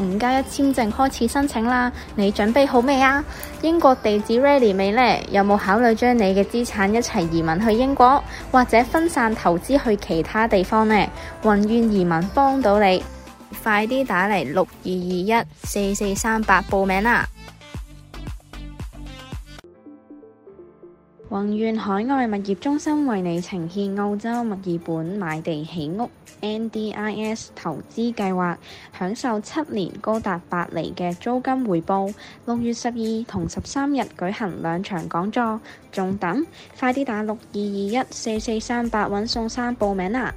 五加一簽證開始申請啦，你準備好未啊？英國地址 ready 未呢？有冇考慮將你嘅資產一齊移民去英國，或者分散投資去其他地方呢？宏願移民幫到你，快啲打嚟六二二一四四三八報名啦！宏願海外物業中心為你呈現澳洲墨爾本買地起屋。NDIS 投資計劃，享受七年高達八厘嘅租金回報。六月十二同十三日舉行兩場講座，仲等，快啲打六二二一四四三八揾宋生報名啦！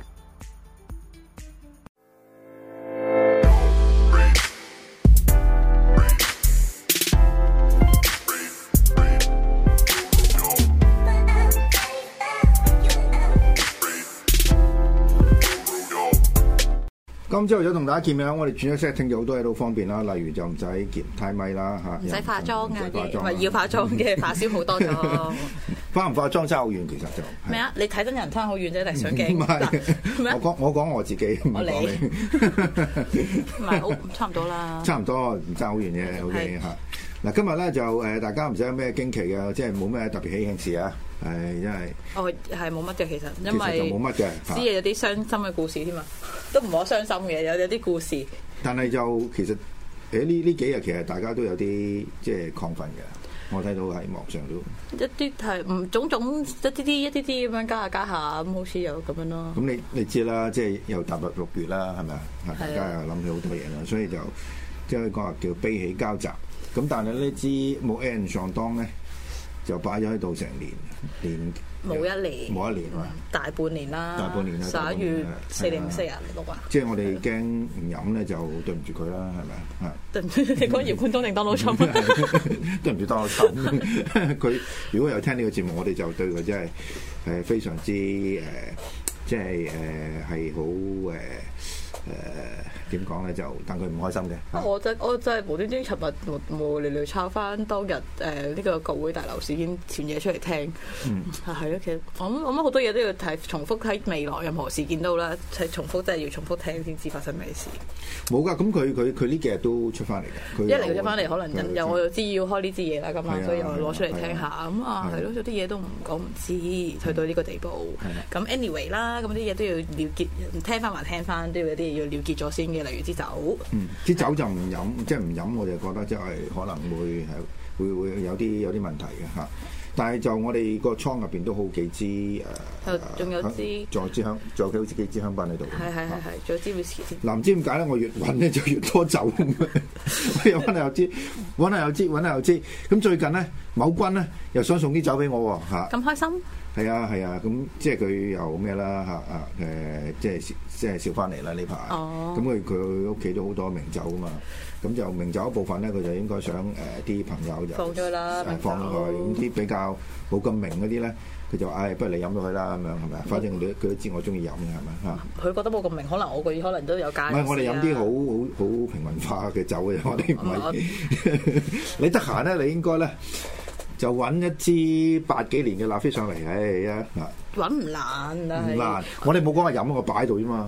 今朝早同大家見面啦，我哋轉咗 set，聽咗好多嘢都好方便啦。例如就唔使接太咪啦嚇，唔使化妝嘅，唔係要化妝嘅，化少好多咯。化唔化妝爭好遠其實就咩啊？你睇真人爭好遠啫，定係相機唔係我講我講我自己，我你唔係好差唔多啦，差唔多唔爭好遠嘅 OK 嚇。嗱今日咧就誒，大家唔使咩驚奇嘅，即係冇咩特別喜慶事啊。係，因為我係冇乜嘅其實，因為冇乜嘅，知有啲傷心嘅故事添嘛，都唔可傷心嘅，有有啲故事。故事但係就其實，誒呢呢幾日其實大家都有啲即係亢奮嘅，我睇到喺網上都一啲係唔種種一啲啲一啲啲咁樣加下加下咁、嗯，好似又咁樣咯。咁你你知啦，即係又踏入六月啦，係咪啊？的大家又諗起好多嘢啦，所以就即係講話叫悲喜交集。咁但係呢支冇 end 上當咧。就擺咗喺度成年年冇一年冇一年哇，嗯，大半年啦，大半年啦，十一月四零四啊六啊，即係我哋驚唔飲咧就對唔住佢啦，係咪啊？對唔住，你講葉冠中定當老闆？ 對唔住，當老闆。佢 如果有聽呢個節目，我哋就對佢真係係非常之誒，即係誒係好誒誒。就是呃點講咧，就等佢唔開心嘅、啊。我就我就係無端端尋日無無無聊抄翻當日誒呢、呃呢個國會大樓事件傳嘢出嚟聽。嗯、啊，係咯，其實我我諗好多嘢都要睇，重複喺未來任何事件都啦，係重複真係要重複聽先知發生咩事。冇噶，咁佢佢佢呢幾日都出翻嚟嘅。一嚟佢出翻嚟，可能又我就知要開呢支嘢啦，咁是啊，所以又攞出嚟聽下，咁啊係咯，有啲嘢都唔講唔知，去到呢個地步。咁 anyway 啦，咁啲嘢都要了結，聽翻埋聽翻都要有啲嘢要了結咗先嘅。例如啲酒，嗯，啲酒就唔飲， 即係唔飲。我就覺得即係可能會係會會有啲有啲問題嘅吓。但係就我哋個倉入邊都好幾支誒，仲有支，仲、啊、有支香，仲有幾好幾支香檳喺度。係係係係，仲有支威士忌、啊。嗱唔知點解咧，我越揾咧就越多酒， 又揾 又知，揾下又知，揾下又知。咁最近咧，某君咧又想送啲酒俾我喎，咁、啊、開心？係啊係啊，咁即係佢又咩啦嚇啊誒、啊，即係、啊啊、即係笑翻嚟啦呢排。哦。咁佢佢屋企都好多名酒㗎嘛。咁就名酒一部分咧，佢就應該想誒啲朋友就放咗啦，放咗佢。啲比較冇咁明嗰啲咧，佢就話：誒不如你飲咗佢啦咁樣，係咪？反正佢都佢都知我中意飲嘅，係咪？嚇！佢覺得冇咁明，可能我個可能都有界。唔係，我哋飲啲好好好平民化嘅酒嘅，我哋唔係。你得閒咧，你應該咧就揾一支八幾年嘅拉菲上嚟，唉呀嗱！搵唔難啊！我哋冇講係飲，我擺度啫嘛。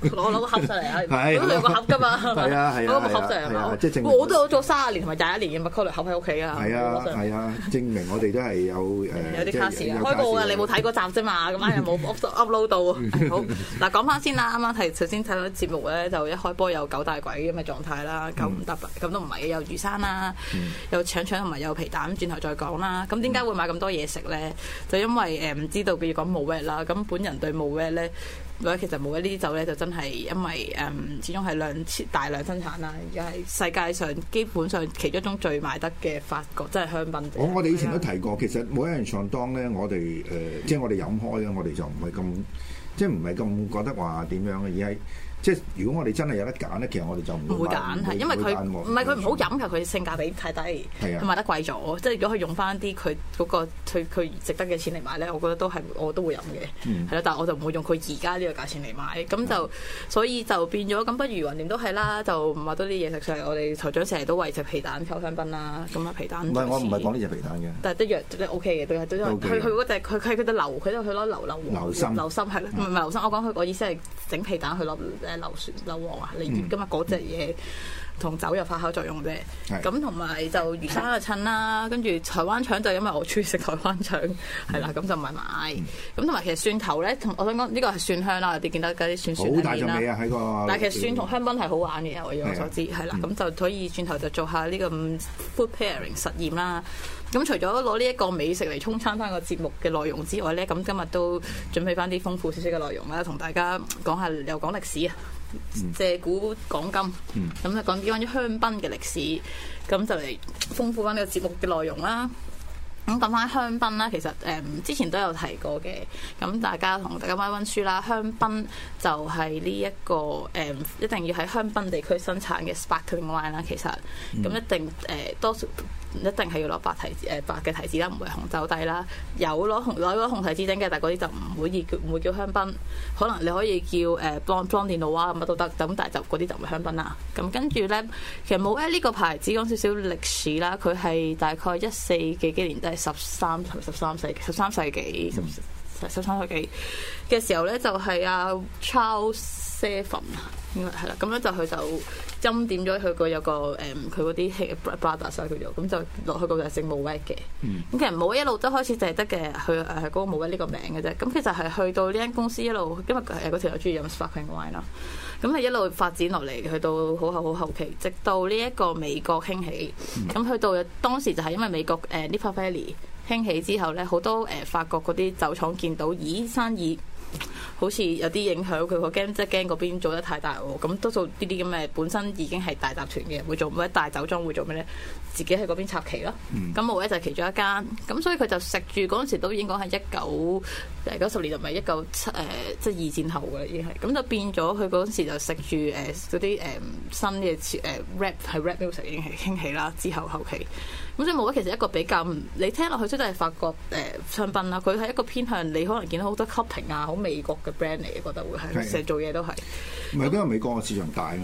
攞個盒上嚟，咁兩個盒噶嘛。係啊盒啊，即係證明我都做三十年同埋廿一年嘅麥卡倫盒喺屋企啊。係啊係啊，證明我哋都係有有啲卡士啊，開過啊你冇睇過站啫嘛。咁啊又冇 upload 到。好嗱，講翻先啦。啱啱係首先睇到啲節目咧，就一開波有九大鬼咁嘅狀態啦，九唔得咁都唔係，有魚生啦，有腸腸同埋有皮蛋。轉頭再講啦。咁點解會買咁多嘢食咧？就因為誒唔、嗯、知道嘅要講慕威啦，咁、嗯、本人對慕威咧，嗱，其實慕威呢啲酒咧就真係因為誒、嗯，始終係量大量生產啦，而家係世界上基本上其中一種最賣得嘅法國即係、就是、香檳。我哋以前都提過，嗯、其實每一人上當咧，我哋誒、呃、即係我哋飲開啊，我哋就唔係咁。即係唔係咁覺得話點樣？而係即係如果我哋真係有得揀咧，其實我哋就唔會揀係，因為佢唔係佢唔好飲㗎，佢性價比太低，佢賣得貴咗。即係如果佢用翻啲佢嗰個佢佢值得嘅錢嚟買咧，我覺得都係我都會飲嘅，係咯。但係我就唔會用佢而家呢個價錢嚟買。咁就所以就變咗咁，不如橫掂都係啦，就唔買多啲嘢食出，我哋台長成日都為食皮蛋臭香檳啦，咁啊皮蛋。唔係，我唔係講呢隻皮蛋嘅。但係啲都 OK 嘅，都係都都佢佢嗰佢佢佢佢都佢攞流流心流心係咯。唔係，我講佢，個意思係整皮蛋去攞誒流雪流黃啊，你知噶嘛？嗰隻嘢。同酒有發酵作用嘅，咁同埋就魚生嘅襯啦，的跟住台灣腸就因為我中意食台灣腸，係啦，嗯，咁就買埋。咁同埋其實蒜頭咧，我想講呢個係蒜香啦，你見得嗰啲蒜蒜裡面啦。啊，但係其實蒜同香檳係好玩嘅，我以我所知係啦，咁就可以轉頭就做下呢個 food pairing 實驗啦。咁除咗攞呢一個美食嚟充餐翻個節目嘅內容之外咧，咁今日都準備翻啲豐富少少嘅內容啦，同大家講下又講歷史啊。借古講今，咁就、嗯、講啲關於香檳嘅歷史，咁就嚟豐富翻呢個節目嘅內容啦。咁講翻香檳啦，其實誒、嗯、之前都有提過嘅，咁大家同大家温一温書啦。香檳就係呢一個誒、嗯，一定要喺香檳地區生產嘅 sparkling、um、wine 啦。其實咁、嗯嗯、一定誒、呃、多數。一定係要攞白提子、呃、白嘅提子啦，唔、呃、係紅酒底啦。有攞紅攞攞紅提子整嘅，但係嗰啲就唔會叫唔會叫香檳。可能你可以叫誒 Blanc、Blanc de Noirs 啊咁都得。咁但係就嗰啲就唔係香檳啦。咁跟住咧，其實冇 a 呢個牌子，講少少歷史啦。佢係大概一四幾幾年都係十三十三世十三世紀十三世紀嘅時候咧，就係、是、阿、啊、Charles Seven 應該係啦。咁樣就佢就。斟點咗佢個有個誒佢嗰啲兄弟，所以叫做咁就落去嗰度係姓冇威嘅。咁、嗯、其實冇威一路都開始就係得嘅，佢誒嗰個冇威呢個名嘅啫。咁其實係去到呢間公司一路，因為誒嗰、呃、條友中意飲 sparkling wine 啦。咁係一路發展落嚟，去到好後好後期，直到呢一個美國興起。咁、嗯、去到當時就係因為美國誒 Napa Valley、呃、興起之後咧，好多誒、呃、法國嗰啲酒廠見到，咦生意！好似有啲影響佢個 game，即係 game 嗰邊做得太大喎。咁多數呢啲咁嘅本身已經係大集團嘅會做，咩大酒莊會做咩咧？自己喺嗰邊插旗咯。咁、嗯、我唯一就其中一間。咁所以佢就食住嗰陣時都已經講係一九九十年 19,、呃、就唔係一九七誒即係二戰後嘅啦，已經係咁就變咗。佢嗰陣時就食住誒嗰啲誒新嘅誒、呃呃、rap 係 rap music 已經係興起啦。之後後期。咁即係無質，其實一個比較你聽落去都法國，真係發覺誒商品啦。佢係一個偏向你可能見到好多 cupping 啊，好美國嘅 brand 嚟嘅。覺得會係成日做嘢都係唔係因為美國嘅市場大啊？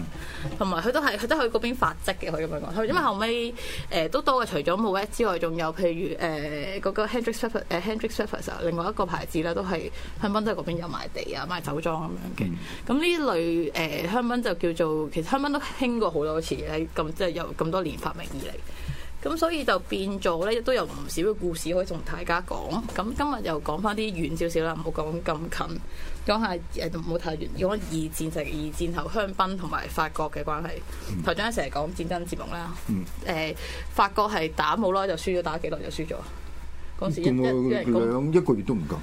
同埋佢都係佢都去嗰邊發跡嘅，佢咁樣講。因為後尾，誒、呃、都多嘅，除咗冇質之外，仲有譬如誒嗰、呃那個 Henry、呃、Surface 誒 Henry Surface 啊，另外一個牌子咧都係香檳都嗰邊有賣地啊，賣酒莊咁樣嘅。咁呢、嗯、類誒、呃、香檳就叫做其實香檳都興過好多次咧，咁即係有咁多年發明而嚟。咁所以就變咗咧，亦都有唔少嘅故事可以同大家講。咁今日又講翻啲遠少少啦，唔好講咁近，講下唔好太遠，如果二戰成、就係、二戰後香檳同埋法國嘅關係。頭先一成日講戰爭節目啦，誒、嗯欸、法國係打冇耐就輸咗，打幾耐就輸咗。嗰時一兩一個月都唔夠。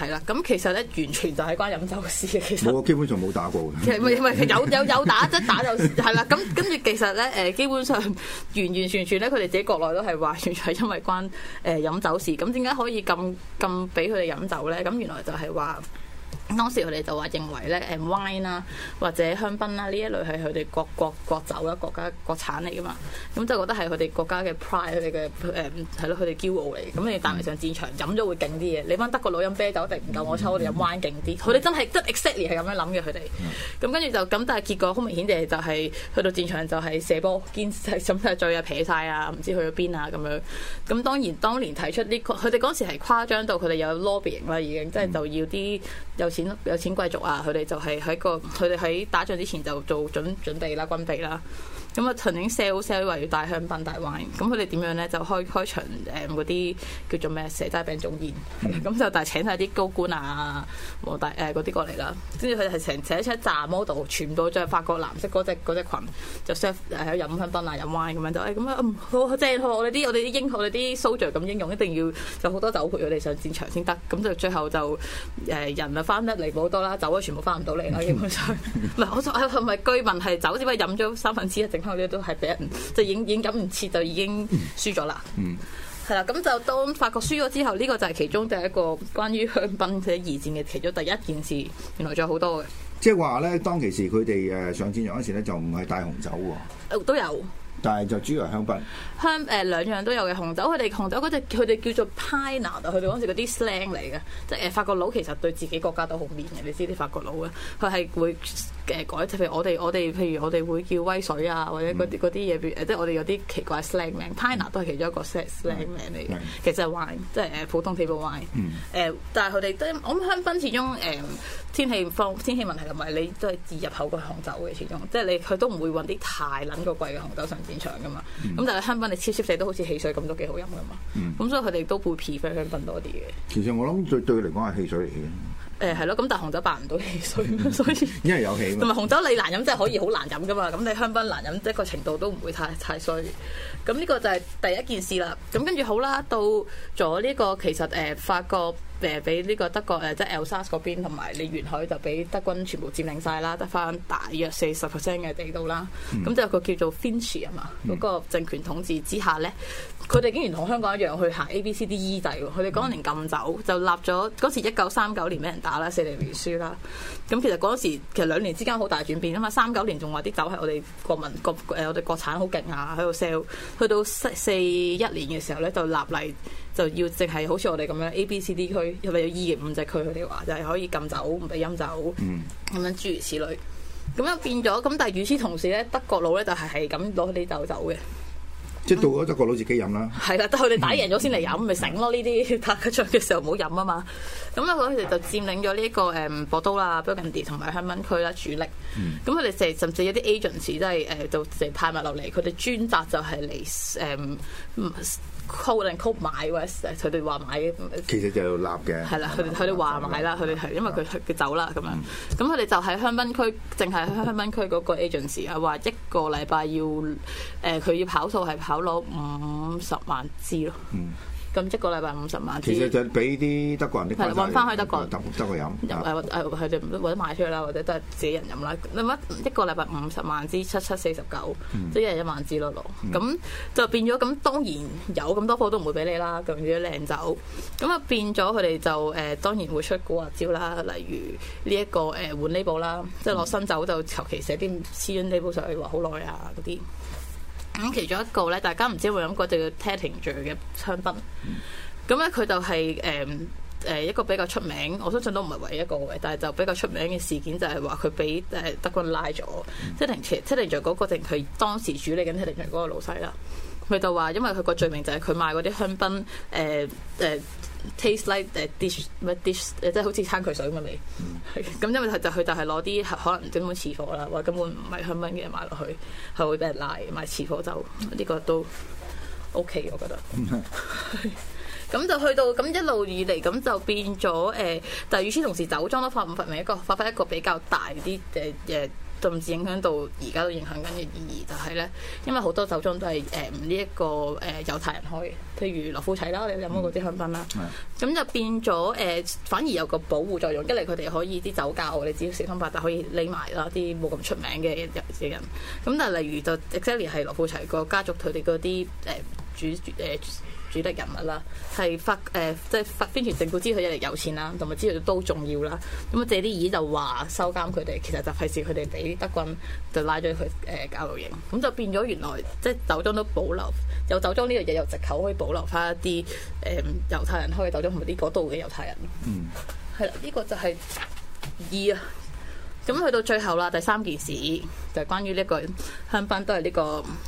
係啦，咁其實咧完全就係關飲酒事嘅，其實我基本上冇打過嘅。唔係唔係，有有有打，即打就係啦。咁跟住其實咧誒，基本上完完全全咧，佢哋自己國內都係話，完全係因為關誒飲酒事。咁點解可以咁咁俾佢哋飲酒咧？咁原來就係話。當時佢哋就話認為咧，誒 wine 啦，或者香檳啦，呢一類係佢哋各國國酒啦，國家國產嚟噶嘛。咁就覺得係佢哋國家嘅 pride，佢哋嘅誒係咯，佢哋驕傲嚟。咁你帶埋上戰場飲咗、嗯、會勁啲嘅。你班德國佬飲啤酒定唔夠我抽？我哋飲 wine 勁啲。佢哋真係真 exactly 係咁樣諗嘅佢哋。咁跟住就咁，但係結果好明顯地就係、是、去到戰場就係射波堅持，咁就再又撇晒啊，唔知去咗邊啊咁樣。咁當然當年提出呢個，佢哋嗰時係誇張到佢哋有 lobbying 啦，已經即係、就是、就要啲有有錢貴族啊，佢哋就係喺個，佢哋喺打仗之前就做準準備啦，軍備啦。咁啊，曾經、嗯、sell sell 話要帶香檳、帶 wine 咁佢哋點樣咧？就開開場誒，嗰、嗯、啲叫做咩？蛇齋餅糭宴。咁、嗯、就但係請曬啲高官啊，大誒嗰啲過嚟啦。跟住佢哋係成成一場站 model，穿到著法國藍色嗰隻嗰隻裙，就 serve 誒飲香檳啊、飲 wine 咁樣就誒咁啊，好正好！我哋啲我哋啲英雄，我哋啲 soldier 咁英勇，一定要有好多酒陪，我哋上戰場先得。咁、嗯、就最後就誒人啊，翻得嚟冇多啦，酒啊全部翻唔到嚟啦，基本上。唔係我作係咪居民係酒只不過咪飲咗三分之一。後咧都係俾人，就影影感唔切就已經輸咗啦。嗯，係啦，咁就當法國輸咗之後，呢個就係其中第一個關於香檳嘅二戰嘅其中第一件事。原來仲有好多嘅，即係話咧，當其時佢哋誒上戰場嗰時咧，就唔係帶紅酒喎、哦，都有。但係就主要係香檳，香誒兩、呃、樣都有嘅紅酒。佢哋紅酒嗰隻佢哋叫做 Pina 佢哋嗰時嗰啲 slang 嚟嘅，即係誒法國佬其實對自己國家都好面嘅，你知啲法國佬啊，佢係會誒、呃、改，即譬如我哋我哋譬如我哋會叫威水啊，或者嗰啲嗰啲嘢，即係、嗯呃就是、我哋有啲奇怪 slang 名、嗯、Pina 都係其中一個 set slang 名嚟嘅，其實係 wine，即係誒普通 table wine，誒但係佢哋即係香檳始終誒、嗯、天氣方天氣問題同埋你都係自入口嘅紅酒嘅，始終即係你佢都唔會搵啲太冷個季嘅紅酒上現場噶嘛，咁但係香檳你啜啜食都好似汽水咁，都幾好飲噶嘛。咁所以佢哋都會 prefer 香檳多啲嘅。其實我諗對對佢嚟講係汽水嚟嘅。誒係咯，咁、嗯、但紅酒辦唔到氣水，所以 因為有氣，同埋紅酒你難飲，即係可以好難飲噶嘛。咁你香檳難飲，即個程度都唔會太太衰。咁呢個就係第一件事啦。咁跟住好啦，到咗呢、這個其實誒、呃、法國誒俾呢個德國誒、呃、即係 Alsace 嗰邊，同埋你沿海就俾德軍全部佔領晒啦，得翻大約四十 percent 嘅地度啦。咁、嗯、就個叫做 Vichy 啊嘛，嗰、嗯、個政權統治之下咧。佢哋竟然同香港一樣去行 A、B、C、D、E 制喎。佢哋嗰年禁酒就立咗嗰時一九三九年俾人打啦，四零年輸啦。咁其實嗰陣時其實兩年之間好大轉變啊嘛。三九年仲話啲酒係我哋國民國誒、呃、我哋國產好勁啊，喺度 sell，去到四,四一年嘅時候咧就立嚟就要淨係好似我哋咁樣 A、B、C、D 區，因為要二零五隻區佢哋話就係可以禁酒唔俾飲酒，咁、嗯、樣諸如此類。咁樣變咗咁，但係與此同時咧，德國佬咧就係係咁攞你酒走嘅。即到咗德國佬自己飲啦，係啦， 得佢哋打贏咗先嚟飲，咪醒咯，呢啲打緊仗嘅時候唔好飲啊嘛。咁啊，佢哋就佔領咗呢、呢個誒波爾多啦、Burgundy 同埋香檳區啦主力。咁佢哋成甚至有啲 agents 都、呃、係誒，就成派埋落嚟，佢哋專責就係嚟誒 call 定 call 買或者誒，佢哋話買。其實就要立嘅，係啦的，佢哋佢哋話買啦，佢哋係因為佢佢走啦咁樣。咁佢哋就喺香檳區，淨係香檳區嗰個 agents 係，話一個禮拜要誒，佢、呃、要跑數係跑。攞、嗯、五十萬支咯，咁一個禮拜五十萬支。其實就俾啲德國人啲。係揾翻的去德國，德德國飲。佢哋的或者賣出去啦，或者都係自己人飲啦。咁一的一個禮拜五十萬支，七七四十九，嗯、即係一日一萬支咯。咁、嗯、就變咗咁，當然有咁多貨都唔會俾你啦，咁樣靚酒。咁啊變咗佢哋就誒、呃，當然會出古惑招啦，例如呢、這、一個誒、呃、換呢部啦，即係落新酒就求其寫啲 seasonal 上去話好耐啊嗰啲。咁其中一個咧，大家唔知會唔會諗過叫 Tattinger 嘅香檳？咁咧佢就係誒誒一個比較出名，我相信都唔係唯一一個嘅，但係就比較出名嘅事件就係話佢俾誒德軍拉咗、嗯、Tattinger 嗰個定佢當時主理緊 Tattinger 嗰個老細啦，佢就話因為佢個罪名就係佢賣嗰啲香檳誒誒。呃呃 taste like 誒 dish 乜 dish 誒即係好似餐具水咁嘅味，咁、嗯、 因為就就佢就係攞啲可能整碗次貨啦，或根本唔係香港嘅嘢買落去，係會俾人拉。買次貨就呢、呢個都 OK，我覺得。咁、嗯、 就去到咁一路以嚟咁就變咗誒，但、呃、係、就是、與此同時，酒莊都發唔發明一個發揮一,一個比較大啲嘅。誒、呃。呃甚至影響到而家都影響緊嘅意義，就係咧，因為好多酒莊都係誒呢一個誒猶、呃、太人開，譬如羅富齊啦，你飲嗰啲香檳啦，咁、嗯嗯、就變咗誒、呃、反而有個保護作用，一嚟佢哋可以啲酒窖，我哋只要四通八達就可以匿埋啦，啲冇咁出名嘅人嘅人。咁但係例如就 e x c e l l 係羅富齊個家族，佢哋嗰啲誒主誒。呃主呃主主力人物啦，係發誒、呃，即係發編傳政府知佢一嚟有錢啦，同埋知道都重要啦。咁啊，借啲意就話收監佢哋，其實就費事佢哋俾德軍就拉咗去誒監獄營。咁、呃、就變咗原來即係酒莊都保留有酒莊呢樣嘢，有藉口可以保留翻一啲誒、呃、猶太人可以酒莊同埋啲嗰度嘅猶太人。嗯，係啦，呢、呢個就係二啊。咁去到最後啦，第三件事就係關於呢個香檳，都係呢個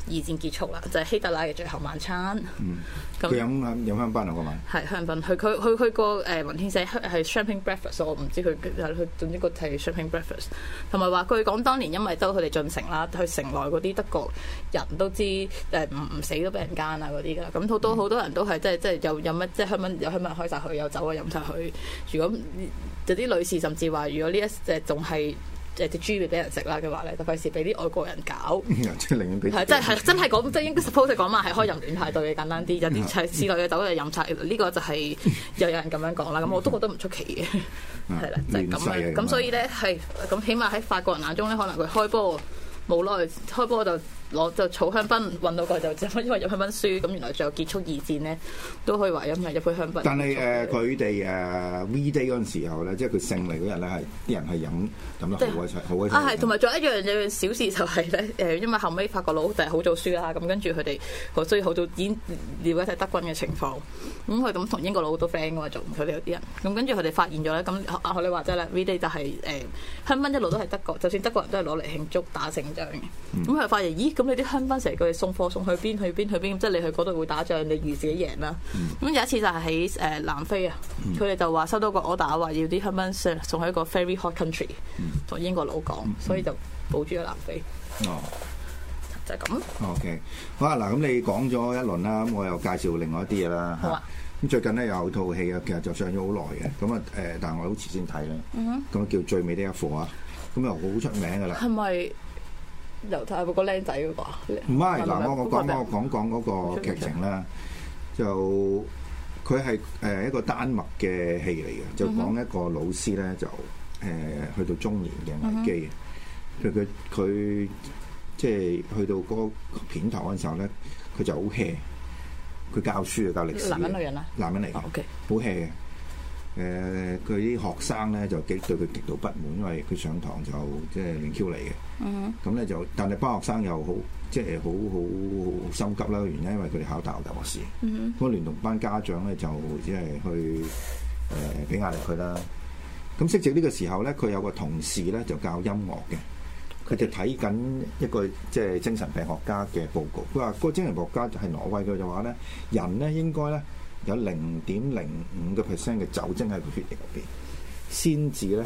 二戰結束啦，就係希特拉嘅最後晚餐。嗯，佢飲香飲香檳啊，嗰晚。係香檳，佢佢佢佢個誒文獻寫係 champagne breakfast 我唔知佢佢，總之個題 champagne breakfast。同埋話據講當年因為兜佢哋進城啦，去城內嗰啲德國人都知誒唔唔死都俾人奸啊嗰啲㗎。咁好多好多人都係即係即係有有乜即係香檳有香檳開晒佢，又走啊飲晒佢。如果有啲女士甚至話，如果呢一隻仲係。即誒啲豬俾人食啦，佢話咧就費事俾啲外國人搞，係真係真係講即係應該 suppose 講話係開淫亂派對簡單啲，有啲係、就是、私底嘅酒嚟飲茶，呢、呢個就係、是、又有人咁樣講啦。咁我都覺得唔出奇嘅，係啦 就係咁樣、啊。咁所以咧係咁，起碼喺法國人眼中咧，可能佢開波冇耐，開波就。攞就儲香檳，揾到個就走，因為入香檳輸，咁原來最後結束二戰呢，都可以話因為入杯香檳。但係誒佢哋誒 V Day 嗰陣時候咧，即係佢勝利嗰日咧，係啲人係飲咁咯，好鬼好係，同埋仲有一樣嘢小事就係、是、咧，誒、呃，因為後尾法國佬就係好早輸啦，咁跟住佢哋好需要好早已經瞭解曬德軍嘅情況，咁佢咁同英國佬好多 friend 㗎嘛，做佢哋有啲人，咁跟住佢哋發現咗咧，咁學你話齋啦，V Day 就係、是、誒、呃、香檳一路都係德國，就算德國人都係攞嚟慶祝打勝仗嘅，咁佢、嗯、發現咦？咁你啲香檳成日佢哋送貨送去邊去邊去邊，即係你去嗰度會打仗，你預自己贏啦。咁、嗯、有一次就係喺誒南非啊，佢哋、嗯、就話收到個 order 話要啲香檳送，送去一個 very hot country，同英國佬講，嗯、所以就保住咗南非。哦，就係咁。O、okay. K，好啊嗱，咁你講咗一輪啦，咁我又介紹另外一啲嘢啦。好啊。咁最近咧有套戲啊，其實就上咗好耐嘅，咁啊誒，但係我好遲先睇啦。嗯哼。咁叫最美的一課啊，咁又好出名噶啦。係咪？由睇個僆仔嘅噃，唔係嗱，我我講講講講嗰個劇情啦。就佢係誒一個丹麥嘅戲嚟嘅，就講一個老師咧，就誒去到中年嘅危機。佢佢佢即係去到嗰個片頭嗰陣時候咧，佢就好 hea，佢教書啊教歷史，男人女人啊，男人嚟嘅，好 hea 嘅。誒佢啲學生咧就極對佢極度不滿，因為佢上堂就即係亂 Q 嚟嘅。咁咧、uh huh. 就，但係班學生又好，即係好好好心急啦。原因因為佢哋考大學、大學試。咁啊、uh，huh. 聯同班家長咧就即係去誒俾、呃、壓力佢啦。咁適值呢個時候咧，佢有個同事咧就教音樂嘅，佢就睇緊一個即係精神病學家嘅報告。佢話嗰個精神病學家就係挪威嘅，就話咧人咧應該咧。有零點零五個 percent 嘅酒精喺個血液入邊，先至咧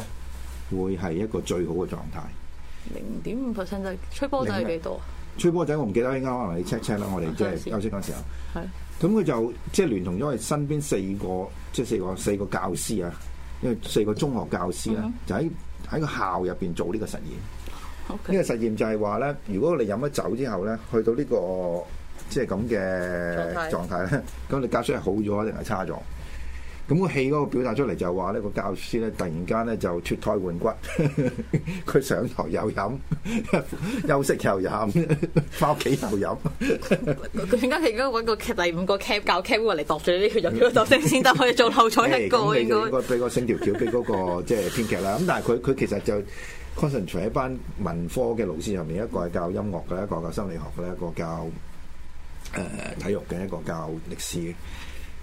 會係一個最好嘅狀態。零點五 percent 即係吹波仔係幾多啊？吹波仔我唔記得，應該可能你 check check 啦，嗯、我哋即係休息嗰時候。係。咁佢就即係、就是、聯同咗佢身邊四個即係、就是、四個四個教師啊，因為四個中學教師咧，嗯、哼就喺喺個校入邊做呢個實驗。呢 Okay. 個實驗就係話咧，如果你飲咗酒之後咧，去到呢、這個。即係咁嘅狀態咧，咁你 教書係好咗定係差咗？咁、嗰個戲嗰個表達出嚟就話呢個教師咧突然間咧就脱胎換骨， 佢上台又飲， 休息又飲，翻屋企又飲。點解佢而家揾個第五個 c a 教 c a 嚟度住呢條咗？度先得可以做後彩。一個應該應俾個信條橋俾嗰個即係編劇啦。咁 但係佢佢其實就 concern 除喺班文科嘅老師入面，一個係教音樂嘅、一個教心理學嘅、一個教。誒、呃，體育嘅一個教歷史嘅，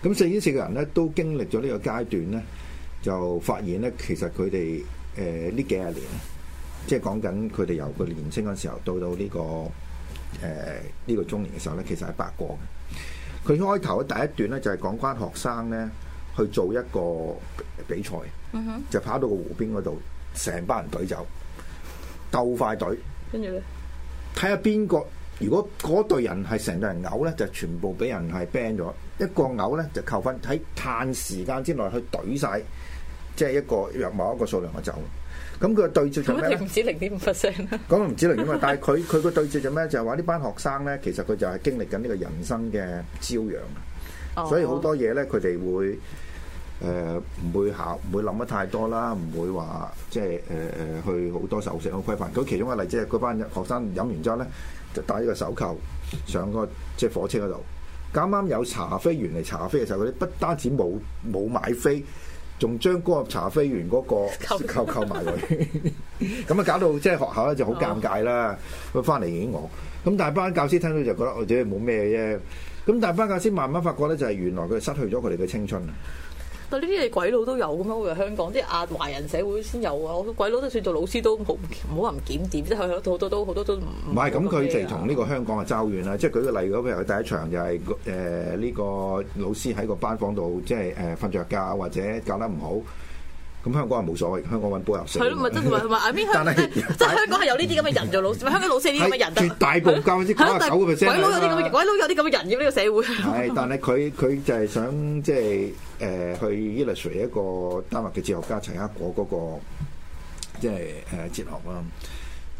咁四、五、四個人咧都經歷咗呢個階段咧，就發現咧，其實佢哋誒呢幾廿年，即係講緊佢哋由個年青嘅時候到到呢、這個誒呢、呃這個中年嘅時候咧，其實係白過嘅。佢開頭嘅第一段咧就係講關學生咧去做一個比賽，uh huh. 就跑到個湖邊嗰度，成班人隊走，鬥快隊，跟住咧睇下邊個。看看。如果嗰對人係成對人嘔咧，就全部俾人係 ban 咗；一個嘔咧，就扣分喺限時間之內去懟晒，即、就、係、是、一個有某一個數量嘅酒。咁、嗯、佢對照就咩咧？唔止零點五 percent 啦。講到唔止零點五， 但係佢佢個對照就咩？就係話呢班學生咧，其實佢就係經歷緊呢個人生嘅朝陽，oh. 所以好多嘢咧，佢哋會誒唔、呃、會考唔會諗得太多啦，唔會話即係誒誒去好多守好規範。咁其中嘅例子係嗰班學生飲完之後咧。就戴呢個手扣上個即係火車嗰度，啱啱有查飛員嚟查飛嘅時候，佢哋不單止冇冇買飛，仲將嗰個查飛員嗰個扣 扣埋佢，咁啊、 嗯、搞到即係、就是、學校咧就好尷尬啦。佢翻嚟影我，咁但係班教師聽到就覺得我哋冇咩嘅啫。咁但係班教師慢慢發覺咧，就係原來佢失去咗佢哋嘅青春。呢啲係鬼佬都有㗎咩？好似香港啲亞華人社會先有啊！我鬼佬都算做老師都好，唔好話唔檢點，即係好多都好多都唔。唔係咁，佢就同呢個香港嘅爭遠啦。即係舉個例如，如果譬如佢第一場就係誒呢個老師喺個班房度，即係誒瞓着覺或者教得唔好。咁香港人冇所謂，香港揾波油食。係咯，咪即係咪？係咪？喺邊？香港係即係香港係有呢啲咁嘅人做老，香港老細啲咁嘅人。絕大部百分之九十九嘅 percent，鬼佬有啲咁嘅，鬼佬有啲咁嘅人喺呢個社會。係，但係佢佢就係想即係誒去 illustrate 一個丹麥嘅哲學家齊克果嗰個即係誒哲學啦。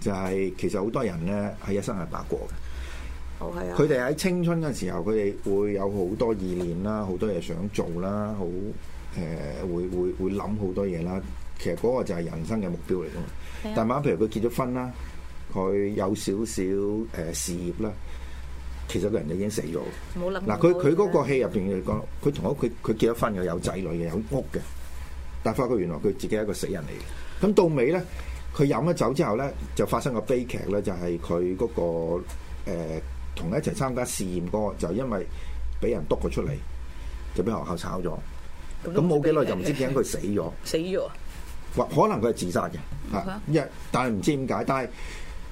就係其實好多人咧喺一生係白過嘅。哦，係啊！佢哋喺青春嗰陣時候，佢哋會有好多意念啦，好多嘢想做啦，好～誒、呃、會會會諗好多嘢啦，其實嗰個就係人生嘅目標嚟嘅嘛。的但晚譬如佢結咗婚啦，佢有少少誒、呃、事業啦，其實個人就已經死咗。冇諗想啦。嗱，佢佢嗰個戲入邊嚟講，佢同屋佢佢結咗婚又有仔女嘅，有屋嘅，但係發覺原來佢自己係一個死人嚟嘅。咁到尾咧，佢飲咗酒之後咧，就發生個悲劇咧，就係佢嗰個同、呃、一齊參加試驗嗰、嗰個、就因為俾人篤佢出嚟，就俾學校炒咗。咁冇幾耐就唔知點解佢死咗 了。死咗或可能佢係自殺嘅嚇。一、啊、但係唔知點解。但係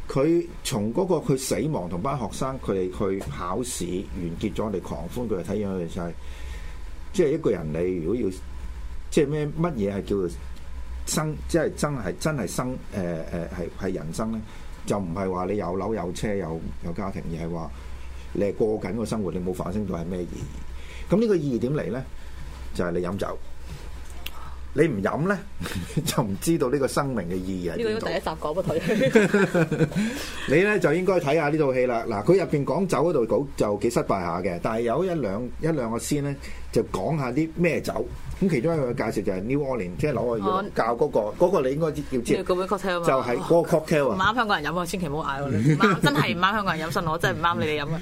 佢從嗰個佢死亡同班學生佢哋去考試完結咗，我哋狂歡，佢係睇樣去曬。即係一個人，你如果要即係咩乜嘢係叫做生？即係真係真係生誒、誒、係係人生咧？就唔係話你有樓有車有有家庭，而係話你係過緊個生活，你冇反省到係咩意義？咁呢個意義點嚟咧？就係你飲酒，你唔飲咧，就唔知道呢個生命嘅意義喺度。呢個都第一集講嘅台戲，你咧就應該睇下呢套戲啦。嗱，佢入邊講酒嗰度，就幾失敗下嘅，但係有一兩一兩個 scene 咧。就講下啲咩酒，咁其中一個介紹就係 New Orleans 即係攞去教嗰個，嗰個你應該要知。就係嗰個 cocktail 啊！唔啱香港人飲啊，千祈唔好嗌我。唔啱，真係唔啱香港人飲信我，真係唔啱你哋飲啊！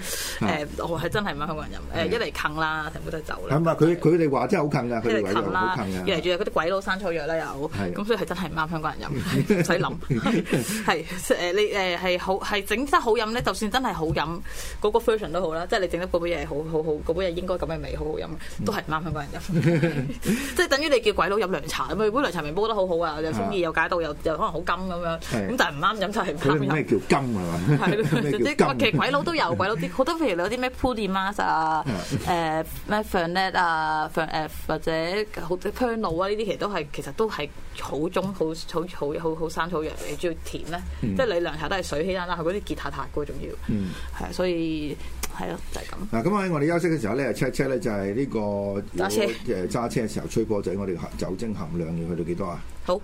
誒，我係真係唔啱香港人飲。誒，一嚟㷫啦，冇得走啦。係咪佢佢哋話真係好㷫㗎？一嚟㷫啦，二嚟仲有嗰啲鬼佬生草藥啦又，咁所以係真係唔啱香港人飲，唔使諗。係誒你誒係好係整得好飲咧，就算真係好飲嗰個 fusion 都好啦，即係你整得嗰杯嘢好好好，嗰杯嘢應該咁嘅味好好飲。都係唔啱香港人飲， 即係等於你叫鬼佬飲涼茶咁啊！杯涼茶明明煲得好好啊，又中意又解到，又又可能好甘咁樣。咁但係唔啱飲，就係唔啱飲。咩叫甘啊？係 其實鬼佬都有鬼佬啲，好多譬如有啲咩 pudding 啊、誒咩 Fernet 啊、誒、啊、或者好 chocolate 啊呢啲，其實都係其實都係好中好好好好生草藥。你中意甜咧，嗯、即係你涼茶都係水稀啦，但嗰啲結塔塔嘅仲要。嗯。所以。係咯，就係、是、咁。嗱、啊，咁喺我哋休息嘅時候咧，揸車咧就係、是、呢、這個，揸車誒，揸、呃、車嘅時候吹波仔，我哋酒精含量要去到幾多啊？好。